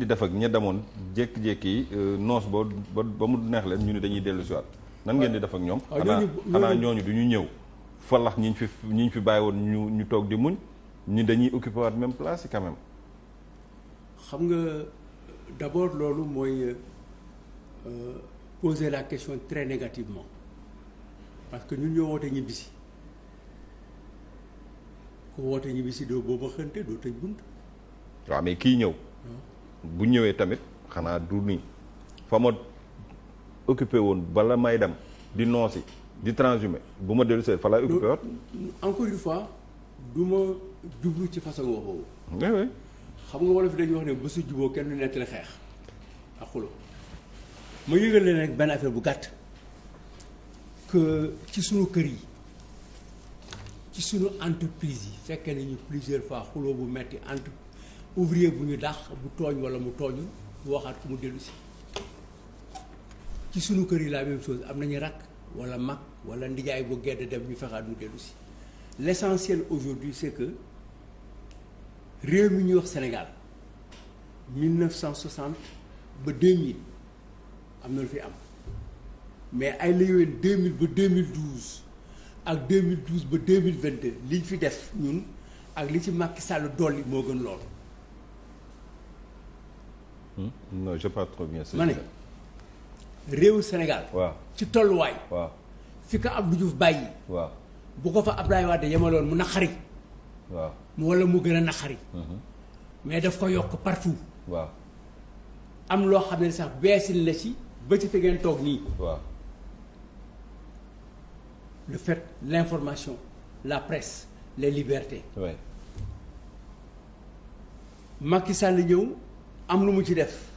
di def ak ña demoon jékki-jékki euh, noos ba ba ba mu neex leen ñu ne dañuy dellu si waat nan ngeen di def ak ñoom ah, xanaa xanaa ñooñu du ñu ñëw falax ñi ñu fi ñi ñu fi bàyyi woon ñu ñu toog di muñ ñi dañuy occupé waat même place yi xam nga d'abord loolu mooy euh, poser la question très négativement parce que ñu ñoo woote ñibbisi ku woote ñibbisi doo booba xënte doo tëj bunt waaw mais kii ñëw bu ñëwee tamit xanaa du nii fa ma occupé woon bala may dem di noosi di transhumé bu ma dellu see fa laay occupé waat encore du ma jublu ci façon wax boobu oui xam nga wolof dañuy wax ne bésu juboo kenn du nettali xeex ak xulo ma yëgal leen rek benn affaire bu gàtt que ci sunu kër yi ci sunu entreprise yi fekkee nañu plusieurs fois xuloo bu metti entreprise ouvrier bu ñu dàq bu tooñ wala mu tooñu mu waxaat ku mu dellu si ci sunu kër yi la même chose am nañu rakk wala mag wala ndijaay bu gedd dem ñu fexaat mu dellu si l'essentiel aujourd'hui c'est que réew mi ñuy wax Sénégal 1960 ba 2000 am na lu fi am mais ay la yoween 2000 ba 2012 ak 2012 ba 2022 liñ fi def ñun ak li ci Macky Sall dolli moo gën loolu Hmm? non je pas ma ne réewu Sénégal. ci tolluwaay. waaw fi ko Abdou Diouf bàyyi. bu ko fa Abdoulaye Wade yemaloon mu naqari. waaw wala mu gën a naqari. Mhm. mais daf ko yokk partout. waaw am loo xam ne sax beesil la ci ba ci fi ngeen toog nii. waaw le fait l'information la presse les libertés. oui Macky ñëw. am lu mu ci def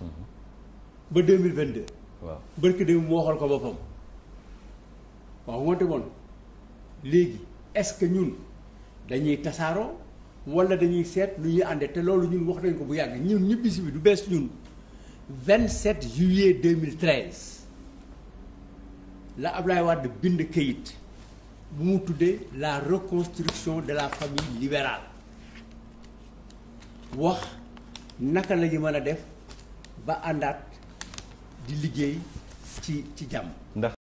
ba deux mille vingt deux waaw bërki démb mu waxal ko boppam waaw wante woon léegi est-ce que ñun dañuy tasaaroo wala dañuy seet lu ñuy àndee te loolu ñun wax nañ ko bu yàgg ñun ñibbisi bi du bees ñun 27 juillet 2013 la Ablaye Wade bind kayit bu mu tuddee la reconstruction de la famille libérale wax naka la ñu mën a def ba àndaat di liggéey ci ci jàmm.